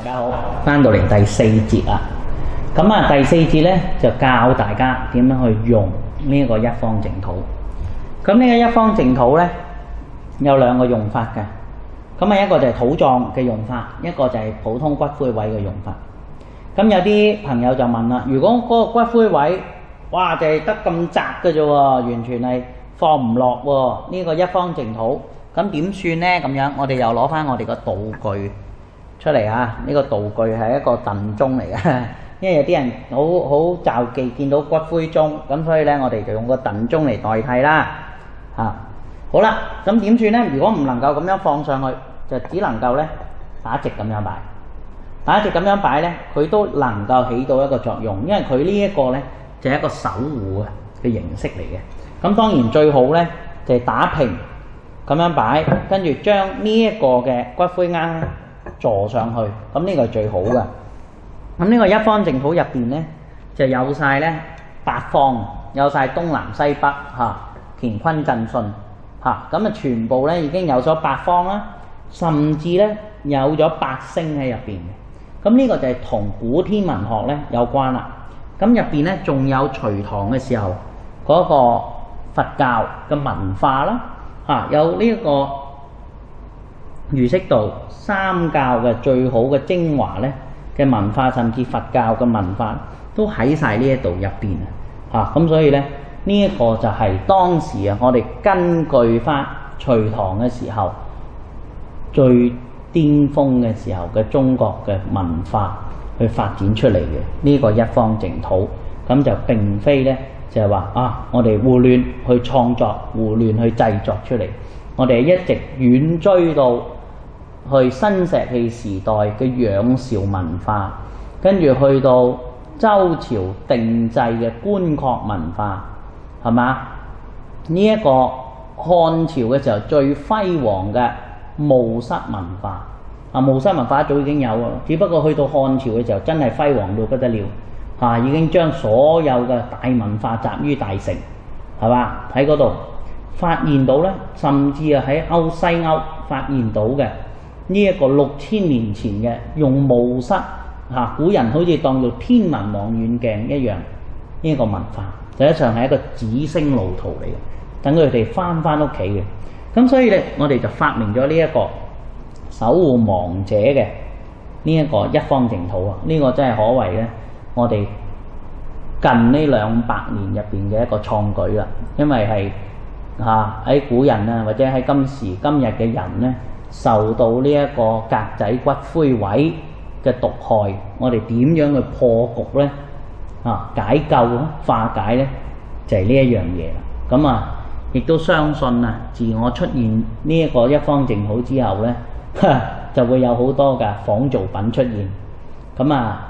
大家好，翻到嚟第四節啦，咁啊第四節呢就教大家點樣去用呢個一方淨土。咁呢個一方淨土呢有兩個用法嘅，咁啊一個就係土葬嘅用法，一個就係普通骨灰位嘅用法。咁有啲朋友就問啦，如果嗰個骨灰位，哇就係得咁窄嘅啫，完全係放唔落呢個一方淨土，咁點算呢？咁樣我哋又攞翻我哋個道具。出嚟呀，呢個道具係一個燉盅嚟嘅，因為有啲人好好就忌見到骨灰盅，咁所以呢我哋就用個燉盅嚟代替啦，吓。好啦，咁點算呢？如果唔能夠咁樣放上去，就只能夠呢打直咁樣擺，打直咁樣擺呢，佢都能夠起到一個作用，因為佢呢一個呢就係一個守護嘅嘅形式嚟嘅。咁當然最好呢就係打平咁樣擺，跟住將呢一個嘅骨灰鈪。坐上去，咁呢個係最好嘅。咁呢個一方淨土入邊咧，就有曬咧八方，有曬東南西北嚇，乾坤震巽嚇，咁啊全部咧已經有咗八方啦，甚至咧有咗八星喺入邊嘅。咁呢個就係同古天文學咧有關啦。咁入邊咧仲有隋唐嘅時候嗰個佛教嘅文化啦，嚇有呢一個。預識到三教嘅最好嘅精華呢嘅文化，甚至佛教嘅文化都喺晒呢一度入邊啊！嚇咁所以呢，呢、這、一個就係當時啊，我哋根據翻隋唐嘅時候最巔峰嘅時候嘅中國嘅文化去發展出嚟嘅呢個一方淨土，咁、啊、就並非呢，就係話啊，我哋胡亂去創作、胡亂去製作出嚟，我哋一直遠追到。去新石器時代嘅仰韶文化，跟住去到周朝定制嘅棺槨文化，係嘛？呢、這、一個漢朝嘅時候最輝煌嘅墓室文化啊！墓室文化早已經有啦，只不過去到漢朝嘅時候真係輝煌到不得了嚇、啊，已經將所有嘅大文化集於大城係嘛？喺嗰度發現到呢，甚至係喺歐西歐發現到嘅。呢一個六千年前嘅用木室，嚇，古人好似當做天文望遠鏡一樣，呢、這、一個文化就一樣係一個指星路途嚟嘅，等佢哋翻返屋企嘅。咁所以咧，我哋就發明咗呢一個守護亡者嘅呢一個一方淨土啊！呢、這個真係可謂咧，我哋近呢兩百年入邊嘅一個創舉啦。因為係嚇喺古人啊，或者喺今時今日嘅人咧。受到呢一個格仔骨灰位嘅毒害，我哋點樣去破局呢？啊，解救咧，化解呢，就係呢一樣嘢。咁啊，亦都相信啊，自我出現呢一個一方淨土之後呢，就會有好多嘅仿造品出現。咁啊，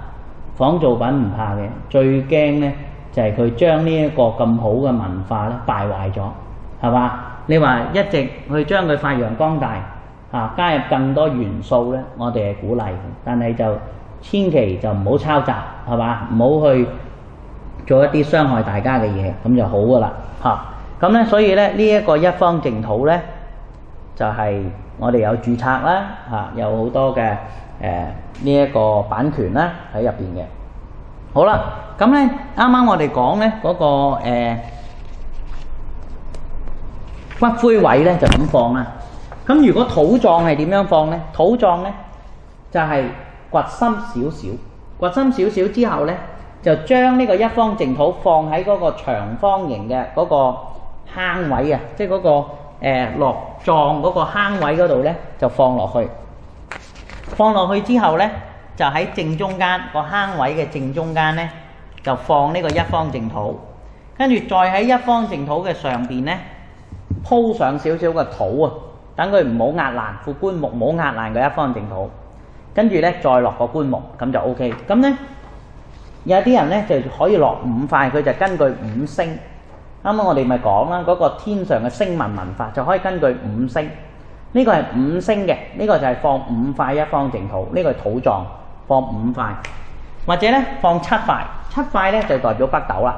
仿造品唔怕嘅，最驚呢，就係佢將呢一個咁好嘅文化咧敗壞咗，係嘛？你話一直去將佢發揚光大。啊！加入更多元素咧，我哋係鼓勵，但係就千祈就唔好抄襲，係嘛？唔好去做一啲傷害大家嘅嘢，咁就好噶啦。嚇！咁咧，所以咧呢一、這個一方淨土咧，就係、是、我哋有註冊啦，嚇、啊，有好多嘅誒呢一個版權啦喺入邊嘅。好啦，咁咧啱啱我哋講咧嗰個誒、呃、骨灰位咧就咁放啦。咁如果土葬係點樣放呢？土葬呢就係掘深少少，掘深少少之後呢，就將呢個一方淨土放喺嗰個長方形嘅嗰個坑位啊，即係嗰個誒落葬嗰個坑位嗰度呢，就放落去。放落去之後呢，就喺正中間個坑位嘅正中間呢，就放呢個一方淨土，跟住再喺一方淨土嘅上邊呢，鋪上少少嘅土啊。等佢唔好壓爛副棺木，唔好壓爛嗰一方淨土，跟住咧再落個棺木，咁就 OK。咁咧有啲人咧就可以落五塊，佢就根據五星。啱啱我哋咪講啦，嗰個天上嘅星文文化就可以根據五星。呢個係五星嘅，呢個就係放五塊一方淨土，呢個係土葬，放五塊。或者咧放七塊，七塊咧就代表北斗啦，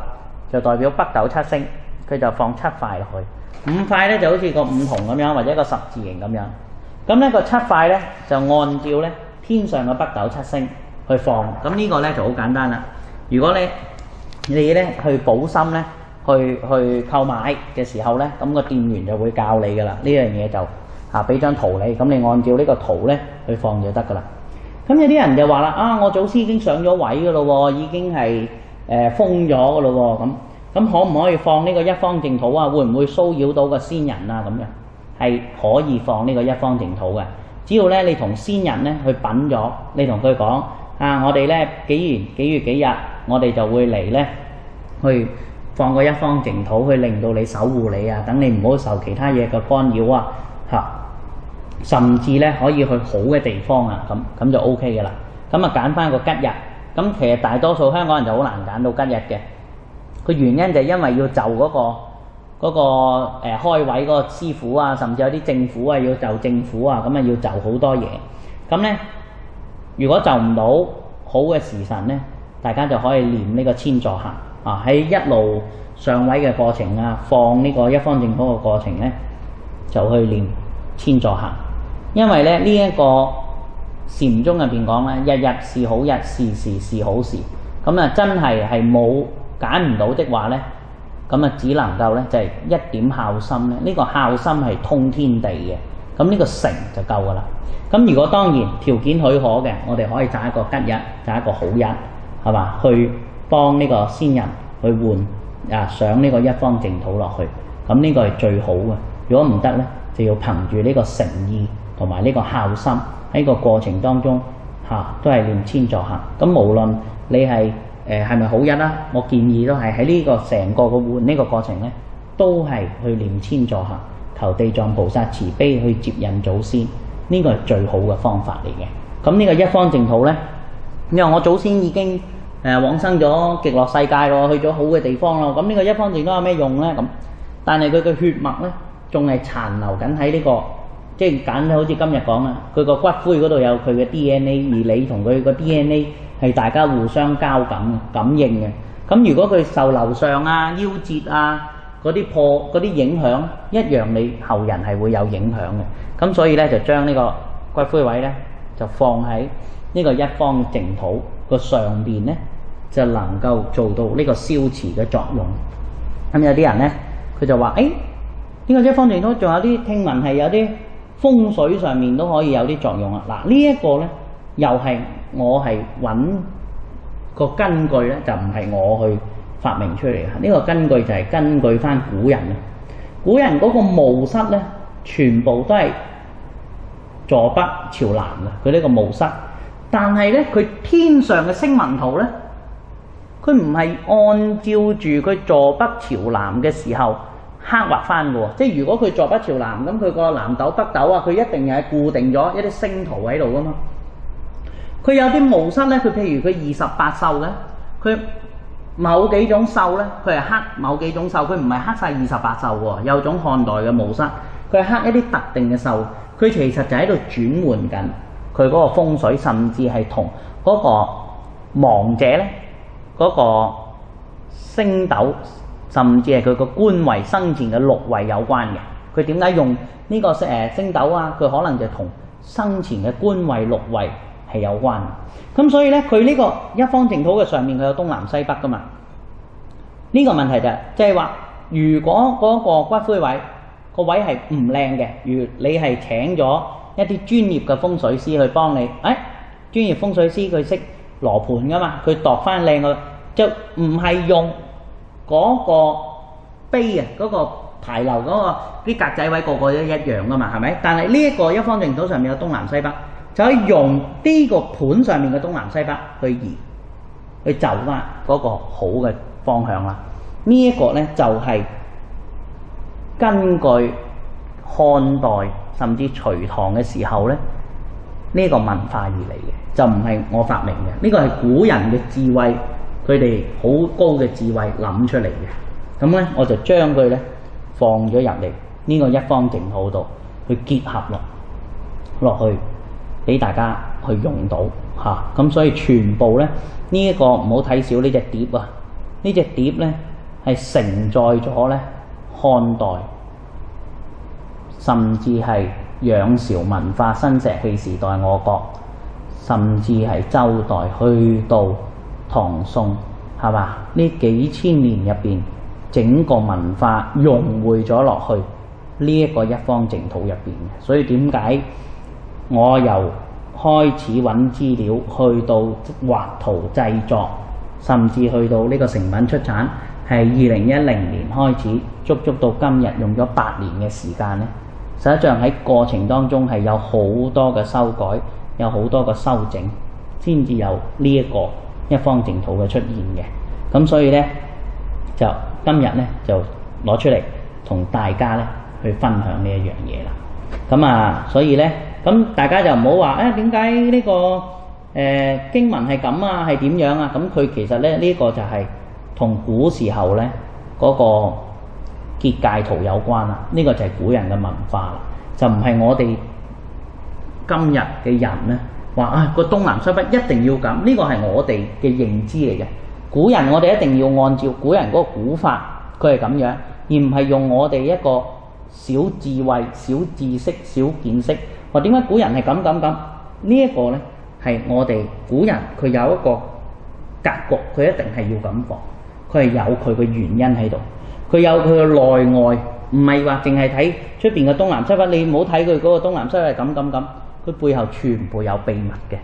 就代表北斗七星，佢就放七塊落去。五塊咧就好似個五紅咁樣，或者個十字形咁樣。咁、那、呢個七塊呢，就按照呢天上嘅北斗七星去放。咁呢個呢就好簡單啦。如果你你咧去補心呢，去去購買嘅時候呢，咁、那個店員就會教你噶啦。呢樣嘢就啊，俾張圖你，咁你按照呢個圖呢去放就得噶啦。咁有啲人就話啦：，啊，我祖先已經上咗位噶咯，已經係誒、呃、封咗噶咯，咁。咁可唔可以放呢個一方淨土啊？會唔會騷擾到個先人啊？咁樣係可以放呢個一方淨土嘅，只要咧你同先人咧去品咗，你同佢講啊，我哋咧幾月幾月幾日，我哋就會嚟咧去放個一方淨土，去令到你守護你啊，等你唔好受其他嘢嘅干擾啊，嚇、啊，甚至咧可以去好嘅地方啊，咁咁就 O K 嘅啦。咁啊揀翻個吉日，咁其實大多數香港人就好難揀到吉日嘅。個原因就係因為要就嗰、那個嗰、那個、呃、開位嗰個師傅啊，甚至有啲政府啊，要就政府啊，咁啊要就好多嘢。咁呢，如果就唔到好嘅時辰呢，大家就可以念呢、這個千座行啊，喺一路上位嘅過程啊，放呢個一方淨土嘅過程呢，就去念千座行。因為呢，呢、這、一個禪宗入邊講咧，日日是好日，時時是好事。咁啊，真係係冇。揀唔到的話呢，咁啊只能夠呢，就係一點孝心咧，呢、呢個孝心係通天地嘅，咁呢個誠就夠噶啦。咁如果當然條件許可嘅，我哋可以擇一個吉日，擇一個好日，係嘛？去幫呢個先人去換啊，上呢個一方淨土落去，咁呢個係最好嘅。如果唔得呢，就要憑住呢個誠意同埋呢個孝心喺個過程當中嚇、啊、都係連千作行。咁無論你係誒係咪好人啦、啊？我建議都係喺呢個成個個換呢個過程呢，都係去念千座下，求地藏菩薩慈悲去接引祖先，呢、這個係最好嘅方法嚟嘅。咁、嗯、呢、這個一方淨土呢，因為我祖先已經誒、呃、往生咗極樂世界喎，去咗好嘅地方咯。咁、嗯、呢、這個一方淨土有咩用呢？咁、嗯，但係佢嘅血脈呢，仲係殘留緊喺呢個，即係簡單好似今日講啦，佢個骨灰嗰度有佢嘅 D N A，而你同佢個 D N A。係大家互相交感、感應嘅。咁如果佢受樓上啊、夭折啊嗰啲破嗰啲影響，一樣你後人係會有影響嘅。咁所以咧就將呢個骨灰位咧就放喺呢個一方淨土個上邊咧，就能夠做到呢個消磁嘅作用。咁有啲人咧，佢就話：誒、哎，呢個一方淨土仲有啲聽聞係有啲風水上面都可以有啲作用啊！嗱，這個、呢一個咧。又係我係揾個根據咧，就唔係我去發明出嚟嘅。呢、這個根據就係根據翻古人啦。古人嗰個墓室咧，全部都係坐北朝南嘅。佢呢個墓室，但係咧佢天上嘅星雲圖咧，佢唔係按照住佢坐北朝南嘅時候刻畫翻喎。即係如果佢坐北朝南，咁佢個南斗北斗啊，佢一定係固定咗一啲星圖喺度㗎嘛。佢有啲墓室咧，佢譬如佢二十八宿嘅，佢某幾種宿咧，佢係刻某幾種宿，佢唔係刻晒二十八宿喎。有種漢代嘅墓室，佢係刻一啲特定嘅宿，佢其實就喺度轉換緊，佢嗰個風水，甚至係同嗰個亡者咧嗰、那個星斗，甚至係佢個官位生前嘅六位有關嘅。佢點解用呢個誒星斗啊？佢可能就同生前嘅官位六位。係有關嘅，咁所以呢，佢呢個一方淨土嘅上面佢有東南西北噶嘛？呢個問題就係，即係話，如果嗰一個骨灰位個位係唔靚嘅，如你係請咗一啲專業嘅風水師去幫你，誒，專業風水師佢識羅盤噶嘛？佢度翻靚嘅，就唔係用嗰個碑啊，嗰個牌樓嗰個啲格仔位個個都一樣噶嘛？係咪？但係呢一個一方淨土上面有東南西北。就可以用呢個盤上面嘅東南西北去移，去就翻嗰個好嘅方向啦。這個、呢一個咧就係、是、根據漢代甚至隋唐嘅時候咧呢、這個文化而嚟嘅，就唔係我發明嘅。呢、這個係古人嘅智慧，佢哋好高嘅智慧諗出嚟嘅。咁咧我就將佢咧放咗入嚟呢個一方淨土度去結合啦落去。俾大家去用到嚇，咁、啊、所以全部呢，呢、這、一個唔好睇少呢隻碟啊！呢、這、隻、個、碟呢，係承載咗呢漢代，甚至係仰韶文化、新石器時代我國，甚至係周代去到唐宋，係嘛？呢幾千年入邊，整個文化融匯咗落去呢一、這個一方淨土入邊嘅，所以點解？我由開始揾資料，去到畫圖製作，甚至去到呢個成品出產，係二零一零年開始，足足到今日用咗八年嘅時間呢。實際上喺過程當中係有好多嘅修改，有好多嘅修整，先至有呢一個一方淨土嘅出現嘅。咁所以呢，就今日呢，就攞出嚟同大家呢去分享呢一樣嘢啦。咁啊，所以呢。咁大家就唔好話，誒點解呢個誒、呃、經文係咁啊，係點樣啊？咁佢、啊、其實咧呢、呢個就係同古時候咧嗰、嗰個結界圖有關啦。呢、呢個就係古人嘅文化啦，就唔係我哋今日嘅人咧話啊，個東南西北一定要咁，呢個係我哋嘅認知嚟嘅。古人，我哋一定要按照古人嗰個古法，佢係咁樣，而唔係用我哋一個小智慧、小知識、小見識，話點解古人係咁咁咁？呢一個呢，係我哋古人佢有一個格局，佢一定係要咁講，佢係有佢嘅原因喺度，佢有佢嘅內外，唔係話淨係睇出邊嘅東南西北。你唔好睇佢嗰個東南西北咁咁咁，佢背後全部有秘密嘅，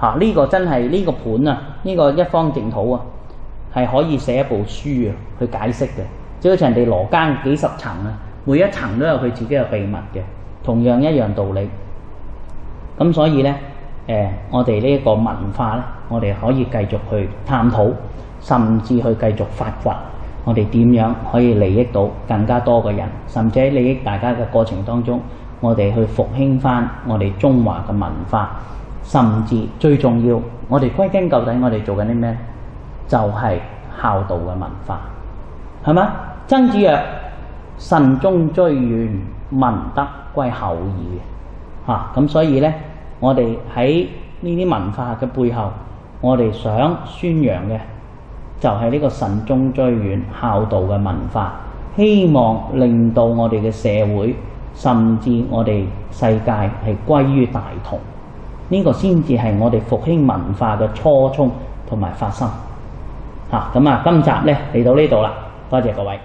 嚇、啊！呢個真係呢個盤啊，呢個一方淨土啊，係可以寫一部書啊去解釋嘅，即好似人哋羅間幾十層啊！每一層都有佢自己嘅秘密嘅，同樣一樣道理。咁所以呢，誒、呃，我哋呢一個文化呢，我哋可以繼續去探討，甚至去繼續發掘，我哋點樣可以利益到更加多嘅人，甚至喺利益大家嘅過程當中，我哋去復興返我哋中華嘅文化，甚至最重要，我哋歸根究底，我哋做緊啲咩？就係、是、孝道嘅文化，係嘛？曾子曰。慎終追遠，民德歸厚矣。嚇、啊，咁所以呢，我哋喺呢啲文化嘅背後，我哋想宣揚嘅就係呢個慎終追遠、孝道嘅文化，希望令到我哋嘅社會，甚至我哋世界係歸於大同。呢、這個先至係我哋復興文化嘅初衷同埋發生。嚇、啊，咁啊，今集呢嚟到呢度啦，多謝各位。